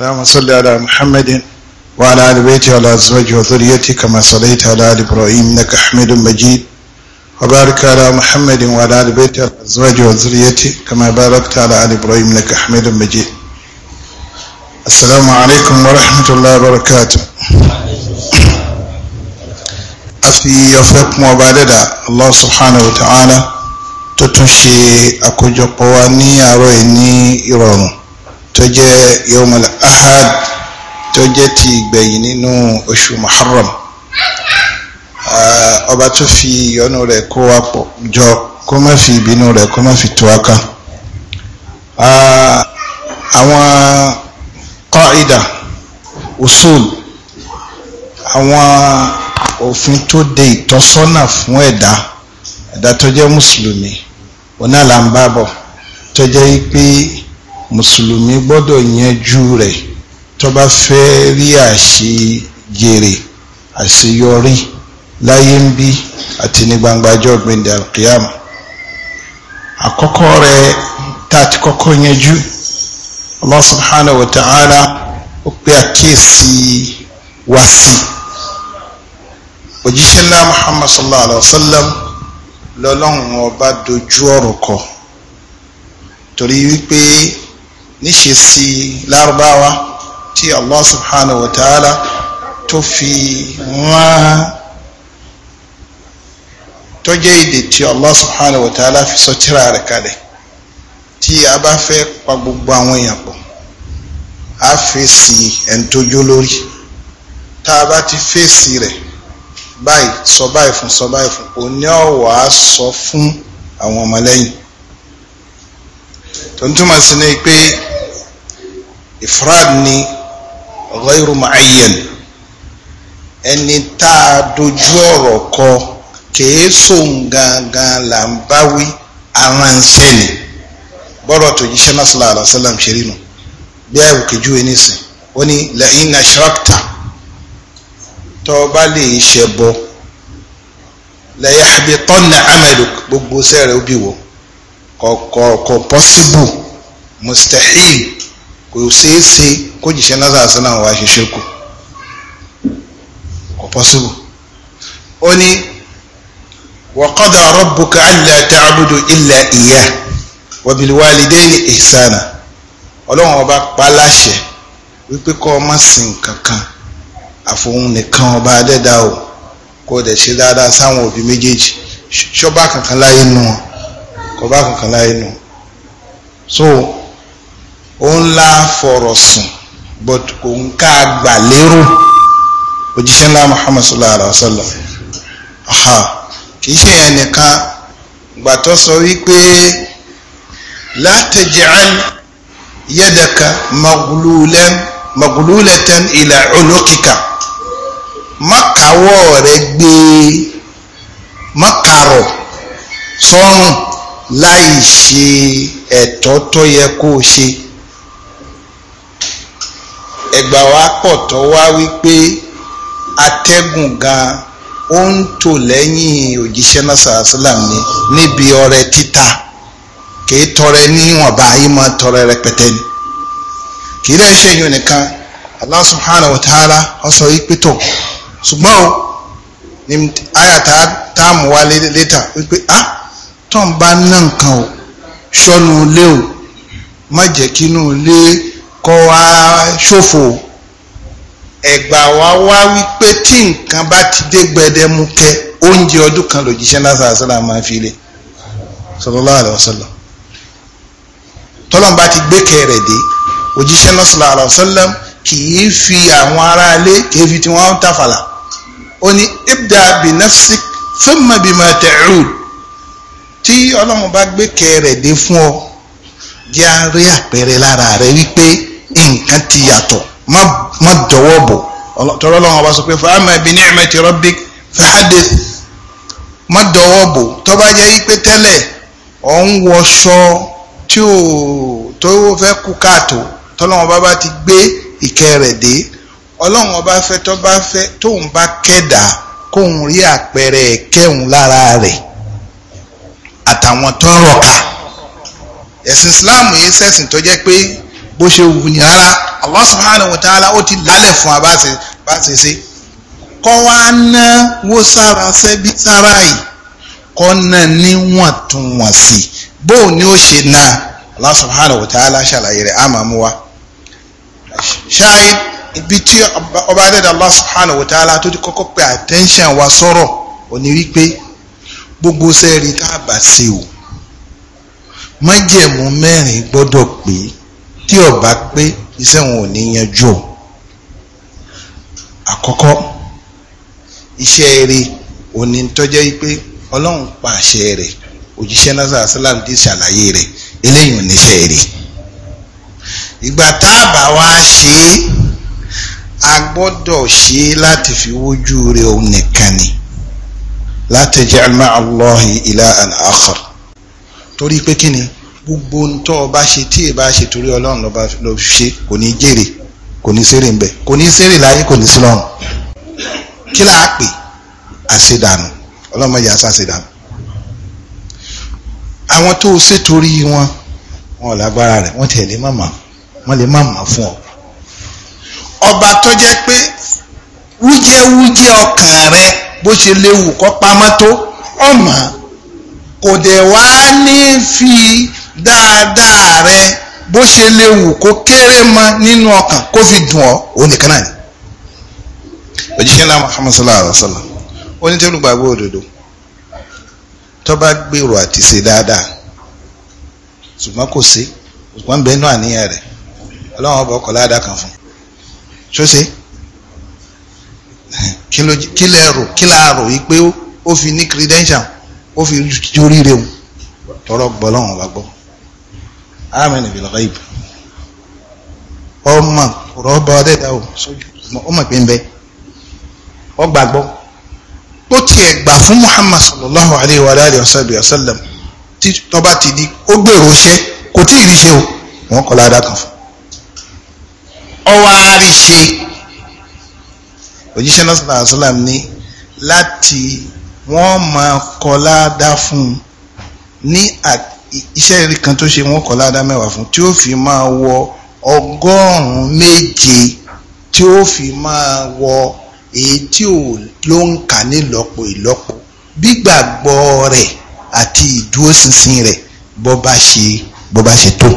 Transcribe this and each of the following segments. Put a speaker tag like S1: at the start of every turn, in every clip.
S1: اللهم صل على محمد وعلى آل بيته وعلى أزواجه وذريته كما صليت على آل إبراهيم إنك حميد مجيد وبارك على محمد وعلى آل بيته وعلى أزواجه وذريته كما باركت على آل إبراهيم إنك حميد مجيد السلام عليكم ورحمة الله وبركاته أفي يوفق مبادرة الله سبحانه وتعالى تتشي أكو جقواني أرويني إيرانو tó jẹ́ yomul ahad tó jẹ́ ti ìgbẹ̀yìn nínú oṣù muharram ah, ọba tó fi ìyọ́nú rẹ̀ kó wa pọ̀ jọ kó má fi ìbínú rẹ̀ kó má fi tú wa ká ah, àwọn qaida usul àwọn òfin tó de ìtọ́sọ́nà fún ẹ̀dá ẹ̀dá tó jẹ́ mùsùlùmí onáàlà ń bá bọ̀ tó jẹ́ pé mùsùlùmí gbọ́dọ̀ yanjú rẹ̀ tó bá fẹ́ rí àṣejèrè àṣeyọrí láyé ń bí àti ní gbangba ọjọ́ gbẹ̀ndẹ̀ alqiyam àkọ́kọ́ rẹ̀ tá a ti kọ́kọ́ yanjú Allah subhanahu wa ta'ala ó pe àkíyèsí wá sí òjíṣẹ́ ńlá Muhammad sallallahu alaihi wa sallam lọ́lọ́run ọba dojú ọ̀rọ̀ kọ torí wípé níṣe sí lárúbáwá tí allah subhanahu wa ta'ala tó fi wọ́n tó jẹ́ èdè tí allah subhanahu wa ta'ala fi sọ tírà rẹ̀ kalẹ̀ tí a bá fẹ́ pa gbogbo àwọn èèyàn pọ̀ a fèsì ẹ̀ńtójú lórí tá a bá ti fèsì rẹ̀ báyìí sọ báyìí fún sọ báyìí fún òní ọ̀wà sọ fún àwọn ọmọlẹ́yìn tó ń túmọ̀ sí ni pé ifrad ni ghayru ma'ayyan ẹni tá a dojú ọ̀rọ̀ kọ kìí sóun gangan là ń bá wí aránṣẹ́ ni bọ́rọ̀ tó jíṣẹ́ náà sallallahu alaihi wasallam ṣe rí nu bí ẹ̀wù kejì ẹni sìn ó ní la'in ashrakta tó bá lè ṣe bọ́ la yahbitanna amaluk gbogbo sẹ́rẹ̀ ó bí wọ́ kọ̀ọ̀kọ̀ possible mustahil kò ṣeé ṣe kó jìṣẹ́ lásán àṣẹ náà wá ṣe ṣírkù kò pọ́sibù ó ní wa qada rabbuka alla ta'budu illa iyyah wa bil walidayni ihsana ọlọ́run ọba pa láṣẹ wípé kọ́ ọ má sìn kankan àfohùn nìkan ọba adẹ́dá o kó o dẹ̀ ṣe dáadáa sáwọn òbí méjèèjì ṣọ́bà kankan láyé nù wọn kọ́bà kankan láyé nù wọn so òun la fọ̀rọ̀ sùn but kò ń ká gbà lérò òjíṣẹ́ ńlá muhammad sallallahu alaihi wa sallam kì í ṣe yẹn nìkan gbàtọ́ sọ wípé la taj'al yadaka maghlulan maghlulatan ila ulukika mọ́kàwọ́ rẹ̀ gbé mọ́kàrọ̀ sọ́run láì ṣe ẹ̀tọ́ tó yẹ kó o ṣe. ẹgbà wa pọ̀ tọ́ wá wípé atẹ́gùn gan ó ń tò lẹ́yìn òjíṣẹ́ náà sàrásílà mi níbi ọrẹ títà kìí tọrẹ níwọ̀nba ayé máa tọrẹ rẹpẹtẹ ni kìí dẹ́ ṣe yìí nìkan Allah subhanahu wa ta'ala ó sọ ṣùgbọ́n o ní àyà tá létà ah tó ń bá ná nǹkan o ilé o má jẹ́ kínú kọ́ wa ṣòfò ẹ̀gbà wa wá wípé tí nǹkan bá ti dé gbẹdẹmukẹ oúnjẹ ọdún kan lòjíṣẹ́ lásán àṣàlà máa fi lé sallallahu alaihi wasallam tọ́lọ́n bá ti gbé kẹrẹ̀ dé òjíṣẹ́ náà sallallahu alaihi wasallam kì í fi àwọn aráalé kì í fi tí tàfàlà ó ní ibda bi nafsik thumma bima ta'ud tí ọlọ́run bá gbé kẹrẹ̀ dé fún ọ jẹ́ àárẹ̀ àpẹẹrẹ lára rẹ wípé nǹkan ti yàtọ̀ má dọwọ́ bò tọ́lọ́ lọ́wọ́ bá sọ pé fàámà bi ni'mati rabbik fahadith má dọwọ́ bò tó bá jẹ́ pé tẹ́lẹ̀ ọ̀ ń wọṣọ tí ò tó fẹ́ kú káàtó tọ́lọ́wọ́ bá bá ti gbé ìkẹ́ rẹ̀ dé ọlọ́run ọba fẹ́ tó bá fẹ́ tóun bá kẹ́dà kóun rí àpẹẹrẹ ẹ̀kẹ́hùn lára rẹ̀ àtàwọn tó ń rọ̀ka ẹ̀sìn Islam yìí sẹ́sìn tó jẹ́ pé bó ṣe wù ní rárá Allah subhanahu wa ta'ala ó ti lálẹ̀ fún wa bá ṣe ṣe kọ́ wa ná wó sára sẹ́bí sára yìí kọ́ náà níwọ̀ntúnwọ̀nsì bó ni ó ṣe náà Allah subhanahu wa ta'ala ṣàlàyé rẹ̀ àmà mú wa ṣáàyè ibi tí ọba adẹ́dàá Allah subhanahu wa ta'ala tó ti kọ́kọ́ pe attention wa sọ̀rọ̀ òní wípé gbogbo sẹ́ẹ̀rì tá a bá ṣe o májẹ̀mú mẹ́rin gbọ́dọ̀ pé tí ó bá pé iṣẹ́ wọn ò ní yanjú o àkọ́kọ́ iṣẹ́ rẹ̀ òní tọ́jẹ́ pé ọlọ́run pa àṣẹ rẹ̀ òjíṣẹ́ náà sàlám ti ṣàlàyé rẹ̀ eléyìí ò ní iṣẹ́ rẹ̀ ìgbà tá a bá wá ṣe é a gbọ́dọ̀ ṣe é láti fi wójú rẹ̀ òun nìkan ni la taj'al ma'a Allahi ilahan akhar torí pé kí ni gbogbo ń tọ́ ọba ṣe tí èèbá ṣe torí ọlọ́run lọ́ba lọ ṣe kò ní jèrè kò ní sèrè ńbẹ kò ní sèrè láyé kò ní sí lọ́run kí láà pè àṣedànù ọlọ́run mọ̀jà sàṣedànù àwọn tó ṣe torí wọn wọn ò lágbára rẹ̀ wọ́n tiẹ̀ lè má mà wọ́n lè má mà fún ọ ọba tó jẹ́ pé wújẹ́wújẹ́ ọkàn rẹ bó ṣe léwu kọ́ pamọ́ tó ọmọ kò dẹ̀ wá ní fi dáadáa rẹ bó ṣe lè wù kó kéré mọ nínú ọkàn kó fi dùn ọ́ òun nìkan náà ni òjíṣẹ́ náà Muhammad sallallahu alaihi wa sallam onítẹ̀lùgbàgbọ́ òdodo tó bá gbèrò àti ṣe dáadáa ṣùgbọ́n kò sí ṣùgbọ́n bẹ́ẹ̀ náà níyà rẹ̀ ọlọ́run ọba ọkọ̀ ládàá kan fún ṣó ṣe kí lẹ rò kí la rò yìí pé ó fi ní credential ó fi jórí rẹ̀ tọrọ gbọ́ lọ́wọ́n ọba gbọ́ amẹ́nà ìbílẹ̀ ìbí ọmọ rọ́bà ọdẹ́dà ò sójú ọmọ pé ń bẹ ọgbàgbọ́ ó tiẹ̀ gbà fún Muhammad sallallahu alayhi wa alayhi wa sallam tí tọ́ba ti di ó gbèrò iṣẹ́ kò tí ì rí iṣẹ́ o wọ́n kọ́ ládàá kan fún ọwọ́ àríṣe òjíṣẹ́ náà sallallahu alayhi wa sallam ní láti wọ́n máa kọ́ ládàá fún un ní àti iṣẹ́ kan tó ṣe wọ́n kọ́ ládá mẹ́wàá fún tí ó fi máa wọ ọgọ́rùn-ún méje tí ó fi máa wọ èyí tí ò ló ń kà nílọ́po ìlọ́po gbígbàgbọ́ rẹ̀ àti ìdúróṣinṣin rẹ̀ bó bá ṣe bó bá ṣe tó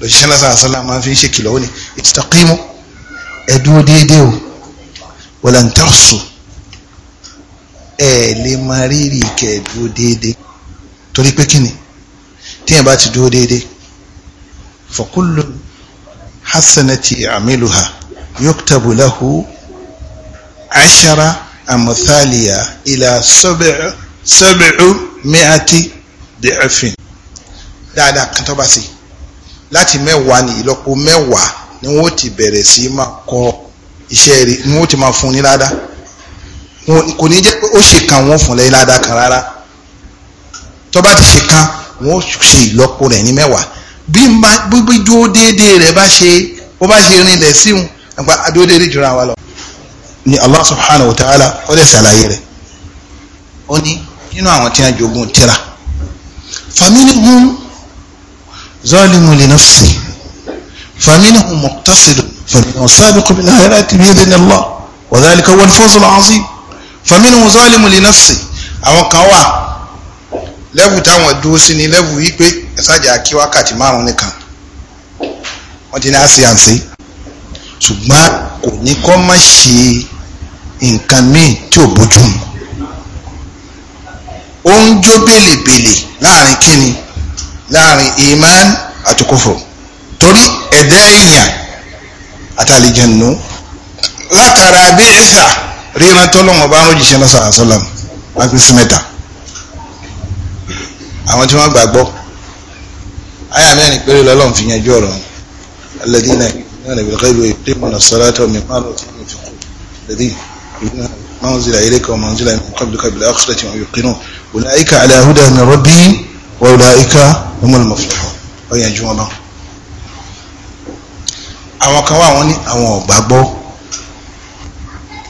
S1: lọ́sísẹ́ lásán àṣálà máa fi ń ṣe kìlọ̀ ó ní ìtìtàkímù ẹ̀dúró déédéé o wọ̀làǹtàṣù ẹ̀ lè máa rírì kẹ̀ẹ́dúró déédéé torí pé kíni tíyẹn bá ti dúró déédéé fọkúlù hasanati amiluha yuktabu lahu ashara amuthaliya ila sab'u mi'ati di'afin dáadáa kan tó bá sí láti mẹ́wàá ní ìlọ́po mẹ́wàá ni wọ́n ti bẹ̀rẹ̀ sí máa kọ iṣẹ́ rí ni wọ́n ti máa fún ní ládàá kò ní jẹ́ pé ó ṣe kàn wọ́n fún lẹ́yìn ládàá kan rárá tó bá ti ṣe kan wọ́n ṣe ìlọ́po rẹ̀ ní mẹ́wàá bí bí dúró déédéé rẹ̀ bá ṣe bó bá ṣe rinlẹ̀ síhun nípa dúró déédéé jura wa lọ. ni Allah subhanahu wa ta'ala ó dẹ̀ ṣàlàyé rẹ̀ ó ní nínú àwọn tí wọ́n jogún tírà faminhum zalimun li nafsi faminhum muqtasidun faminhum sabiqun bil khayrati bi idhnillah wa dhalika huwa al-fawz al-'azim faminhum zalimun li nafsi àwọn kan wà lẹ́wù táwọn dúró sí ni lẹ́wù wípé ẹ̀sàjà kí wákàtí márùn nìkan wọ́n ti ní àṣeyànṣe ṣùgbọ́n kò ní kọ́ má ṣe nǹkan míì tí ò bójú mu ó ń jó bèlèbèlè láàrin kíni láàrin iman àti kófò torí ẹ̀dá èèyàn àtàlìjẹ̀nù látara bí ẹ̀sà ríran tọ́lọ́mọba ń rojìṣẹ́ lọ́sàn-án sọ́lọ́mù wọ́n fi sí mẹ́ta àwọn tí wọ́n gbàgbọ́ àyà mẹ́rin péré lọ́lọ́run fi yanjú ọ̀rọ̀ alẹ́dínà ìgbìmọ̀ ìbílẹ̀ ìlú ìpínlẹ̀ sọ́látọ̀ mìíràn òfin ìfikù lẹ́dí ما أنزل إليك وما أنزل من قبلك بالآخرة وهم يوقنون أولئك على هدى من ربهم وأولئك هم المفلحون ọyàn ju wọn lọ àwọn kan wà wọn ní àwọn ò gbàgbọ́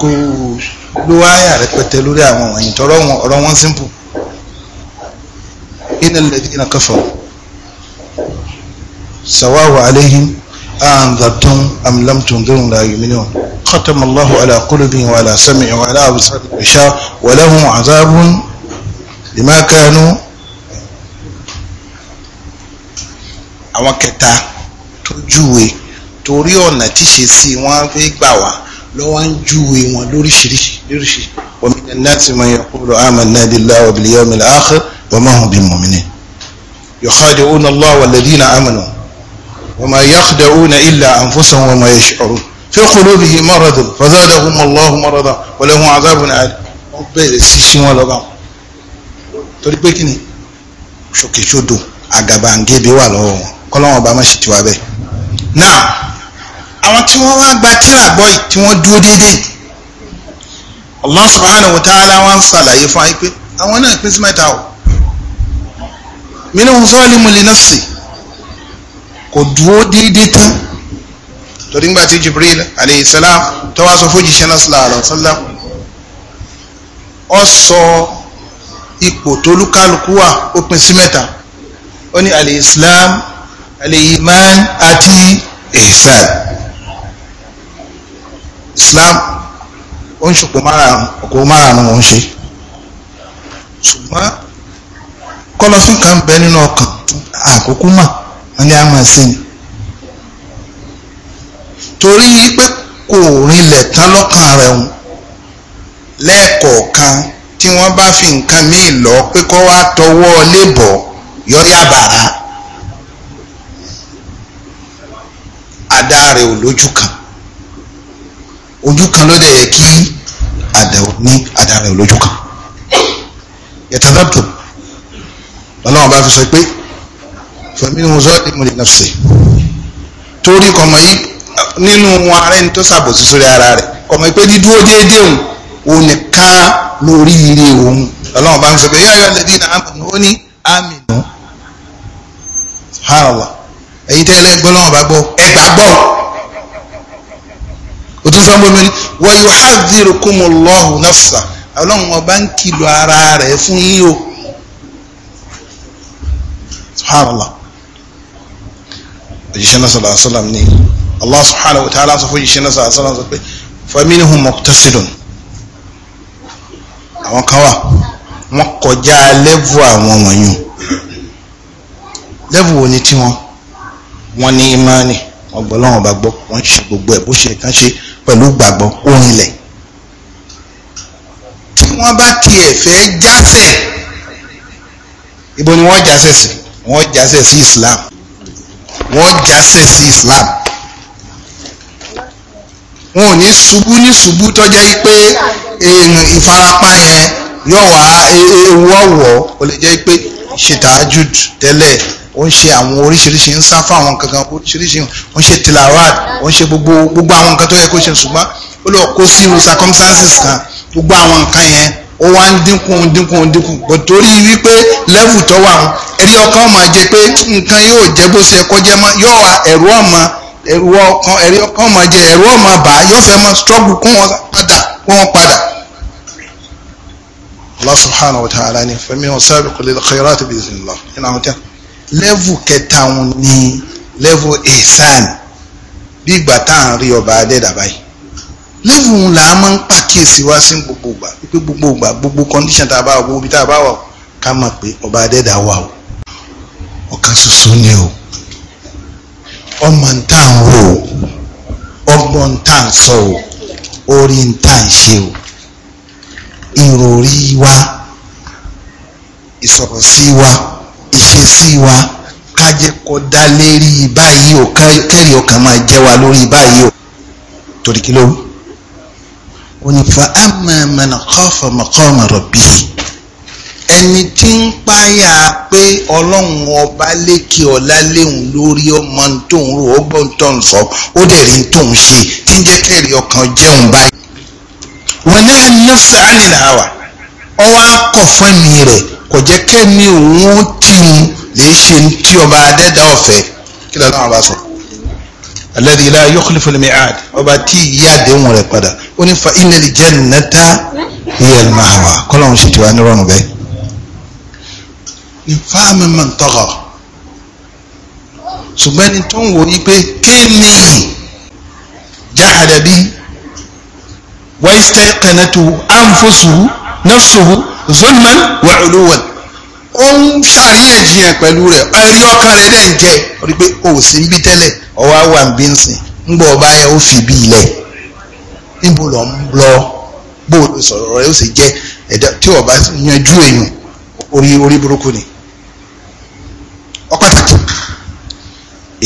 S1: kó ló wáyà rẹpẹtẹ lórí àwọn wọ̀nyí tọrọ wọn ọ̀rọ̀ wọn simple innal ladhina kafaru sawawu alayhim أنذرتم أم لم تنذرهم لا يؤمنون ختم الله على قلوبهم وعلى سمعهم وعلى أبصارهم غشاوة ولهم عذاب بما كانوا àwọn kẹta tó júwe torí ọ̀nà tí ṣe sí wọ́n fi gbà wá lọ́wọ́ ń júwe wọn lóríṣiríṣi lóríṣiríṣi ومن الناس من يقول آمنا بالله وباليوم الآخر وما هم بمؤمنين يخادعون الله والذين آمنوا وما يخدعون إلا أنفسهم وما يشعرون في قلوبه مرض فزادهم الله مرضا ولهم عذاب أليم bẹ̀rẹ̀ sí sí wọn lọ́ba torí pé kí ni ṣòkèṣodò àgàbàǹgẹ̀dẹ̀ wà lọ́wọ́ wọn kọ́lọ́wọ́n ọba máa ṣì ti wá bẹ́ẹ̀. náà àwọn tí wọ́n wá gba tíra gbọ́ yìí tí wọ́n dúró déédéé Allah subhanahu wa ta'ala wọn ń ṣàlàyé fún wa pé àwọn náà pín sí mẹ́ta o minhum zalimun li nafsi kò dúró déédéé tán torí ngbà tí Jibril alayhi salam tó wá sọ fójì sẹ́nà sallallahu alayhi sallam ọ sọ ipò tolúkálukú wà ó pin sí mẹ́ta ó ní al-Islam al-Iman àti ihsan Islam ó ń ṣòpò márùn-ún ó ń ṣe ṣùgbọ́n kọlọfín kan bẹ nínú ọkàn àkókò mà ni a máa ṣe ni torí pé kò rinlẹ̀ tán lọ́kàn rẹ̀ hùn lẹ́ẹ̀kọ̀ọ̀kan tí wọ́n bá fi nǹkan míì lọ pé kó wá tọwọ́ lébọ̀ yọrí àbàrá àdá rẹ̀ ò lójú kan ojú kan ló dẹ̀ yẹ kí àdá ò ní àdá rẹ̀ ò lójú ọlọ́run bá fi sọ pé fẹ̀mí ń sọ ìmùlẹ̀ nafsi torí kọmọ yìí nínú wọn ara ẹni tó ṣàbòsí sórí ara rẹ̀ kọmọ yìí pé dídúró déédéé òun òun nìkan lórí ire òun ọlọ́run bá ń sọ pé yóò yọ lẹ́bí náà àmì ó ní àmì nù subhanallah ẹ̀yin tẹ́ ẹlẹ́gbọ́n lọ́wọ́ bá gbọ́ ẹ gbàgbọ́ o tún sọ́n bómi wa yuhadhdhirukumullahu nafsa ọlọ́run ọba ń kìlọ̀ ara rẹ̀ fún yín o subhanallah òjíṣẹ́ náà sallallahu alaihi wasallam ni allah subhanahu wa ta'ala sọ fún òjíṣẹ́ náà sallallahu alaihi wasallam sọ pé faminhum muqtasidun àwọn kan wà wọ́n kọjá lẹ́vù àwọn wọ̀nyí lẹ́vù wo ni tí wọ́n wọ́n ní imáni wọ́n gbọ́ lọ́wọ́n bá gbọ́ wọ́n ṣe gbogbo ẹ̀ bó ṣe kàn ṣe pẹ̀lú gbàgbọ́ orin lẹ̀ tí wọ́n bá tiẹ̀ fẹ́ jásẹ̀ ibo ni wọ́n jásẹ̀ sí wọ́n jásẹ̀ sí Islam wọ́n jásẹ̀ sí Islam wọn ò ní ṣubú ní ṣubú tọ́jẹ́ yí pé ìfarapa yẹn yóò wá e, e, ewu ọ̀wọ́ ó lè jẹ́ pé ṣe tahajjud tẹ́lẹ̀ ó ń ṣe àwọn oríṣiríṣi ń sá fáwọn kankan oríṣiríṣi ó ń ṣe tilawad ó ń ṣe gbogbo gbogbo àwọn nǹkan tó yẹ kó ṣe ṣùgbọ́n ó lọ kó sínú circumstances kan gbogbo àwọn nǹkan yẹn ó wá ń dínkù ń dínkù ń dínkù kò torí wípé lẹ́wù tó wà ń ẹ̀rí ọkàn ọmọ jẹ pé nǹkan yóò jẹ bó ṣe kọjá mọ́ yóò wá ẹ̀rú ọmọ ẹ̀rú ọkàn ẹ̀rí ọkàn ọmọ jẹ ẹ̀rú ọ̀mọ bá yóò fẹ́ mọ́ struggle kún wọn padà kún wọn padà. fẹ́mi wọn kò lè àti lọ nínú àwọn lẹ́wù kẹta wọn ni lẹ́wù bí ìgbà tá ń rí ọba level la máa ń pàkíyèsí wá sí gbogbo ìgbà wípé gbogbo ìgbà gbogbo condition tá a bá wà gbogbo ibi tá a bá wà ká mọ̀ pé ọba adẹ́dà wà o ọ̀kan ṣoṣo ni o ọmọ ń ń wò o ọgbọ́n ń ń sọ o orí ń ń ṣe o ìròrí wa ìsọ̀rọ̀ sí wa ìṣesí wa ká jẹ́ kó dá lérí báyìí o kẹ́rì ọkàn máa jẹ́ wa lórí báyìí o torí kí ló wí onífa amẹ́mẹ́nà kọ́fà maqama rabbi ẹni tí ń páyà pé ọlọ́run ọba lékè ọ̀la léhùn lórí ọmọ tóun rò ó gbọ́n tóun sọ ó dẹ̀ rí tóun ṣe tí ń jẹ́ kẹ́rì ọkàn jẹun báyìí. wọn ní àníyànfẹ́ ànínàwà ọwọ́ akọ̀ fún mi rẹ̀ kò jẹ́ kẹ́mi òun ó tì lè ṣe tí ọba adẹ́dá ọ̀fẹ́ kí lọ́nà ọba sọ. alladhi la yukhlifu al-mi'ad ọba tí ìyá àdéhùn rẹ̀ padà ó ní fa inal jannata hiya al mahwa kọ́lọ̀ ń ṣètò anírọ̀rùn bẹ́ẹ̀. ìfáàmì mọ̀ ń tọ̀gọ̀ ṣùgbọ́n ẹni tó ń wò yí pé kéènì jahada bí wáyísítẹ́ kẹ̀nẹ́tù àǹfọ̀sù nafsuhu zulman wa ó ń ṣàríyànjiyàn pẹ̀lú rẹ̀ ẹ̀rí ọkàn rẹ̀ dẹ̀ ń jẹ́ rí pé òsínbí tẹ́lẹ̀ ọwọ́ àwọn àbí ń gbọ́ ọba yẹn ó fi bí ilẹ̀ níbo lọ ń lọ bó o sọ̀rọ̀ rẹ ó sì jẹ́ ẹ̀dá tí ọba yanjú èèyàn orí orí burúkú ni ọ pàtàkì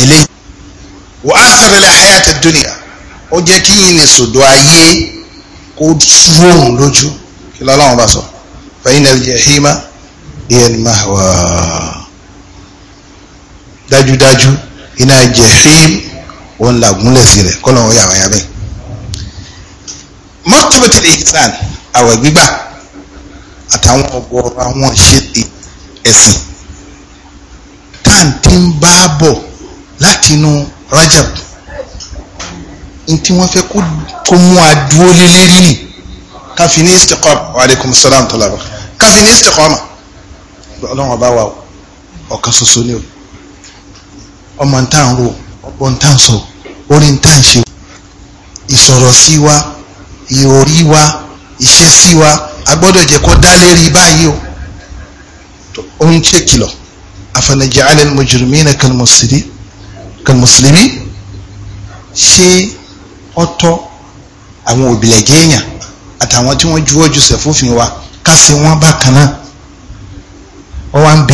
S1: eléyìí wà á sọ̀rọ̀ lẹ́ hayata dunia ó jẹ́ kí yìí ní sòdò ayé kó sùwòhùn lójú kí lọ́lọ́run bá sọ fẹ́yìn náà jẹ́ hímà ìyẹn mahwa dájúdájú iná jẹ́ hím òun làgúnlẹ̀ sílẹ̀ kọ́lọ́run yàrá yàrá bẹ́ẹ̀ kitabatul ihsan àwẹ̀ gbígbà àtàwọn ọ̀gọ̀ọ̀rọ̀ àwọn ṣe ẹ̀sìn táǹtí ń bá bọ̀ láti inú Rajab n tí wọ́n fẹ́ kó mú adúró lé lérí nì káfí ní istiqama wa aleykum salaam tó lábọ̀ káfí ní istiqama ọlọ́run ọba wa ọ̀kan ṣoṣo ni o ọmọ ntàn ro ọgbọ́n ntàn sọ orí ntàn ṣe ìsọ̀rọ̀ sí wa ìròrí wa ìṣesí wa a gbọ́dọ̀ jẹ́ kó dá lérí báyìí o ó ń ṣe kìlọ̀ àfẹnẹjẹ alẹ́nu mọ̀jùrùmínà kan mùsùlùmí ṣé ọ̀tọ̀ àwọn òbílẹ̀jẹ́ èèyàn àtàwọn tí wọ́n juwọ́ jùsẹ̀ fófin wa ká ṣe wọ́n náà wọ́n wá ń bẹ